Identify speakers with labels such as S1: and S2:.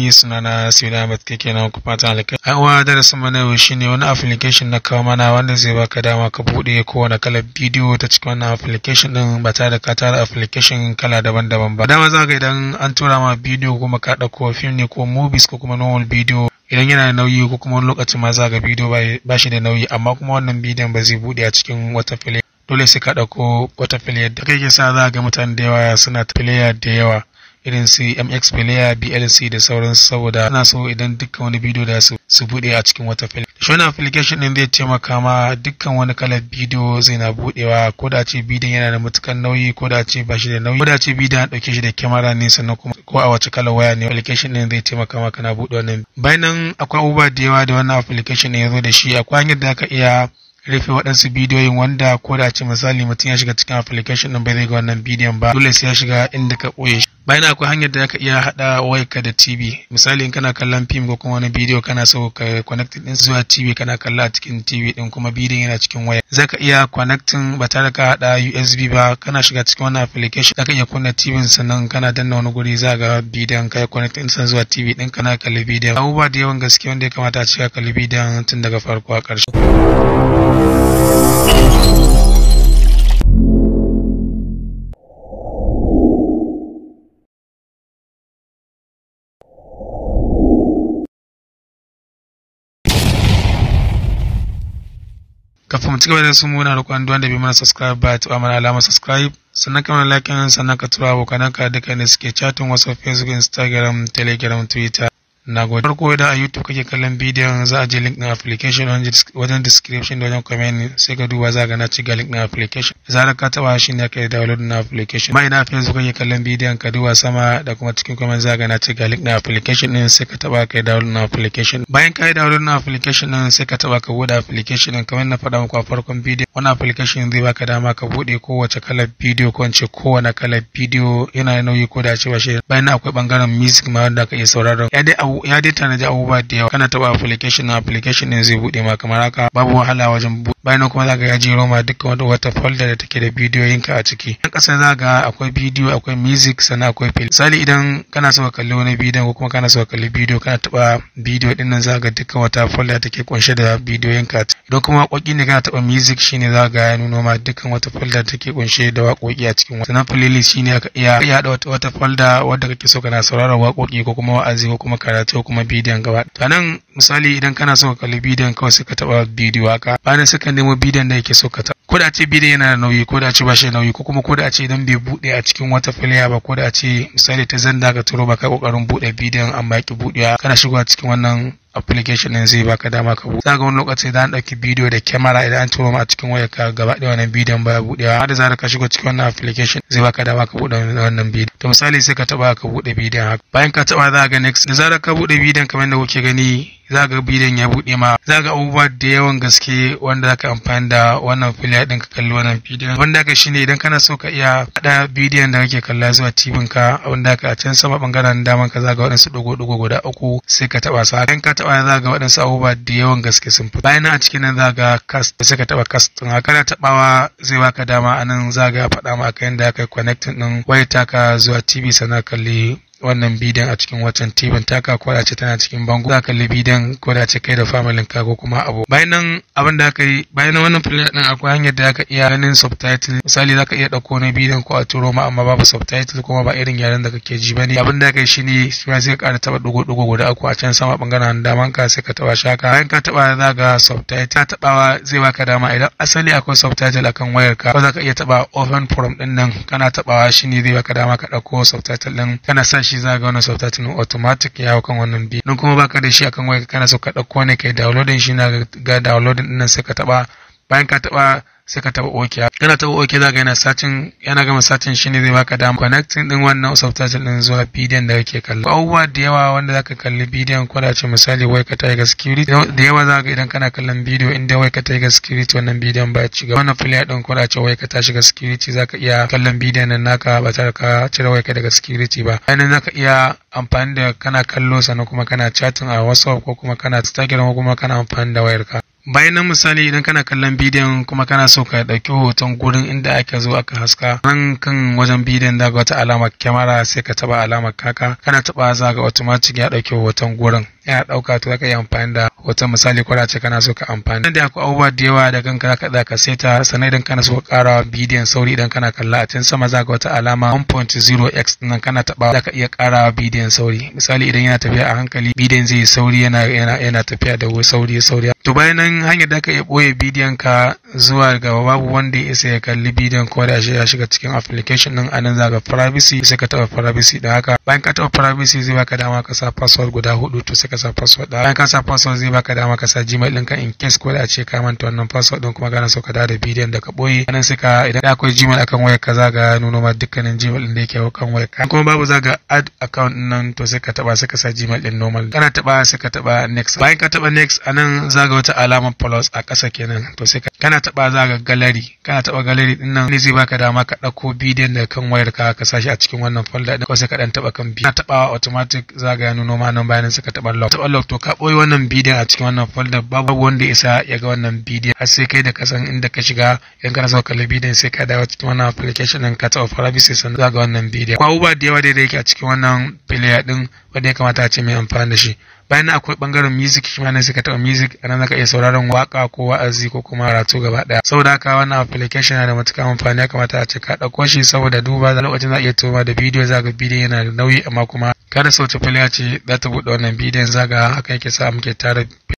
S1: ni sunana Sida Ahmad kake na ku fatan alkai. Ai uwa darasin mana na yau shine wani application na kawo mana wanda zai baka dama ka bude kowane kalar bidiyo ta cikin wannan application din ba tare da ka tara application kala daban-daban ba. Dama za ka idan an tura ma bidiyo kuma ka dauko film ne ko movies ko kuma normal bidiyo idan yana da nauyi ko kuma wani lokaci ma za ga bidiyo ba shi da nauyi amma kuma wannan bidiyon ba zai bude a cikin wata fili dole sai ka dauko wata fili da kake sa za ga mutane da yawa suna filiyar da yawa irin su mx player blc da sauransu saboda ana so idan dukkan wani bidiyo da su su bude a cikin wata fil shi application din zai taimaka ma dukkan wani kalar bidiyo zai na budewa ko da ce bidiyon yana da matukan nauyi ko da ce ba shi da nauyi ko da ce bidiyon an dauke shi da kyamara ne sannan kuma ko a wace kalar waya ne application din zai taimaka ma kana bude wannan bayan nan akwai uba da yawa da wannan application ne yanzu da shi akwai hanyar da aka iya rufe waɗansu bidiyoyin wanda ko da ce misali mutum ya shiga cikin application din bai zai ga wannan bidiyon ba dole sai ya shiga inda ka ɓoye shi bayan akwai hanyar da ka iya hada wayarka da tv misali in kana kallon fim ko kuma wani bidiyo kana so ka connect din zuwa tv kana kalla a cikin tv din kuma bidiyon yana cikin waya zaka iya connecting ba tare ka hada usb ba kana shiga cikin wani application zaka iya kunna tv sannan kana danna wani guri za ga bidiyon ka ya connect din zuwa tv din kana kalli bidiyon abubuwa da yawan gaske wanda ya kamata a cika kalli bidiyon tun daga farko a ƙarshe kafin mu cigaba da su muna roƙon duk da bai mana subscribe ba ta mana alamar subscribe sannan ka mana like sannan ka tura abokananka duka ne suke chatting wasu facebook instagram telegram twitter na gode farko idan a youtube kake kallon bidiyon za a je link na application wajen description da wajen comment sai ka duba za ga na ci ga link na application za ka taba shi ne kai download na application mai na facebook kake kallon bidiyon ka duba sama da kuma cikin comment za ga na ci ga link na application din sai ka taba yi download na application bayan ka yi download na application din sai ka taba ka bude application din kamar na faɗa muku a farkon bidiyon wannan application zai baka dama ka bude kowace kalar bidiyo ko ce kowane kalar bidiyo yana nauyi ko da cewa shi bayan akwai bangaren music ma wanda ka iya sauraron ya dai ya dai tanaji abubuwa da yawa kana taba application na application din zai bude ma kamar haka babu wahala wajen bayan kuma za ka ya jero ma dukkan wata wata folder da take da bidiyoyinka a ciki a ƙasa za ga akwai bidiyo akwai music sannan akwai film misali idan kana so ka kalli wani bidiyon ko kuma kana so ka kalli bidiyo kana taɓa bidiyo din nan za ga dukkan wata folder take kunshe da bidiyoyinka idan kuma waƙoƙi ne kana taɓa music shine za ga ya nuno ma dukkan wata folder take kunshe da waƙoƙi a cikin wannan playlist shine ka iya da wata wata folder wanda kake so kana sauraron waƙoƙi ko kuma wa'azi ko kuma karatu ko kuma bidiyon gaba to nan misali idan kana so ka kalli bidiyon kawai sai ka taɓa bidiyo haka bayan suka nemo bidiyon da yake so ka ko da ce bidiyon yana da nauyi ko da ce ba shi da nauyi ko kuma ko da ce idan bai bude a cikin wata filiya ba ko da ce misali ta zan ka turo ba kai kokarin bude bidiyon amma ya ki budewa kana shigowa cikin wannan application din zai baka dama ka buɗe zaka wani lokaci da an ɗauki bidiyo da kyamara idan an tura ma a cikin wayar ka gaba ɗaya wannan bidiyon baya buɗewa amma da zarar ka shigo cikin wannan application zai baka dama ka buɗe wannan bidiyon. to misali sai ka taɓa ka buɗe bidiyon haka bayan ka taɓa za ga next da zarar ka buɗe bidiyon kamar yadda kuke gani za ga bidiyon ya buɗe ma za ga abubuwa da yawan gaske wanda zaka amfani da wannan filiya din ka kalli wannan bidiyon wanda ka shine idan kana so ka iya haɗa bidiyon da kake kalla zuwa tibin ka wanda ka a can sama bangaren daman ka za ga waɗansu dogo guda uku sai ka taba sa ka taba za ga waɗansu abubuwa da yawan gaske sun fito bayan a cikin nan za ga cast da suka taɓa cast A kana taɓawa zai baka dama anan za ga faɗa ma akan da aka connecting din waya taka zuwa TV sana kalli wannan bidiyon a cikin watan tibin taka ko da ce tana cikin bango za kalli bidiyon ko da ce kai da familin ka ko kuma abu bayan nan abin da aka yi bayan nan wannan filin din akwai hanyar da aka iya ganin subtitle misali za ka iya dauko na bidiyon ko a turo ma amma babu subtitle kuma ba irin yaren da kake ji bane abin da aka yi shine sai sai ka ƙara taba dugo dugo guda uku a can sama bangaren daman ka sai ka taba shaka bayan ka taba za ga subtitle tabawa zai baka dama idan asali akwai subtitle akan wayar ka ko zaka iya taba open from din nan kana tabawa shine zai baka dama ka dauko subtitle din kana sa shi za ga wannan software automatic ya hau kan wannan biyu don kuma baka da shi akan waya kana so ka dauko ne kai downloading shi na ga downloading nan sai ka taba bayan ka taɓa sai ka taba oke kana taba oke zaka yana satin yana gama satin shine zai baka dama connecting din wannan subtitle din zuwa bidiyon da kake kallo abubuwa da yawa wanda zaka kalli bidiyon ko da ce misali wai ka yi ga security da yawa zaka idan kana kallon bidiyo inda wai ka yi ga security wannan bidiyon ba ya ci gaba wannan player din ko da ce wai ka tashi ga security zaka iya kallon bidiyon nan naka ba tare ka cire wai ka daga security ba za zaka iya amfani da kana kallo sannan kuma kana chatting a WhatsApp ko kuma kana Instagram ko kuma kana amfani da wayarka bayan nan misali idan kana kallon bidiyon kuma kana so ka ɗauki hoton gurin inda aka zo aka haska nan kan wajen bidiyon daga wata alamar kyamara sai ka taba alamar kaka kana taba za ga automatic ya ɗauki hoton gurin yana ɗauka to ka yi amfani da hoton misali kwada ce kana so ka amfani da akwai abubuwa da yawa da kanka za ka seta sannan idan kana so ka ƙara bidiyon sauri idan kana kalla a can sama za wata alama 1.0x nan kana taɓa za ka iya karawa bidiyon sauri misali idan yana tafiya a hankali bidiyon zai yi sauri yana yana yana tafiya da sauri sauri to bayan nan hanyar da ka iya ɓoye bidiyon ka zuwa gaba babu wanda ya isa ya kalli bidiyon ko da ya shiga cikin application din anan za ga privacy sai ka taba privacy da haka bayan ka taba privacy zai baka dama ka sa password guda hudu to sai ka sa password da bayan ka sa password zai baka dama ka sa gmail ka in case ko da a ce ka manta wannan password din kuma kana so ka dawo da bidiyon da ka boye anan sai ka idan akwai gmail akan wayar ka za ga nuno ma dukkanin gmail din da yake kan wayar ka kuma babu za ga add account din nan to sai ka taba sai ka sa gmail din normal kana taba sai ka taba next bayan ka taba next anan za ga wata alamar plus a ƙasa kenan to sai kana taɓa za ga na kana taɓa galeri din nan zai baka dama ka ɗauko bidiyon da kan wayar ka ka sashi a cikin wannan folder din ko sai ka dan taɓa kan bidiyon taɓawa automatic za ga ya nuno ma nan bayanin suka taɓa lock taɓa lock to ka ɓoye wannan bidiyon a cikin wannan folder babu wanda ya isa ya ga wannan bidiyon har sai kai da ka san inda ka shiga in kana so kalli bidiyon sai ka dawo cikin wannan application din ka taɓa privacy sannan za ga wannan bidiyon kwa uba da yawa da yake a cikin wannan player din wanda ya kamata a ce mai amfani da shi bayan akwai bangaren music shi ma ne suka taba music nan zaka iya sauraron waka ko wa'azi ko kuma karatu gaba ɗaya. saboda haka wannan application yana da matuka amfani ya kamata a ce ka dauko shi saboda duba da lokacin za iya tuma da bidiyo za ga bidiyo yana da nauyi amma kuma kada sauce filiya ce za ta buɗe wannan bidiyon za ga haka yake sa muke tara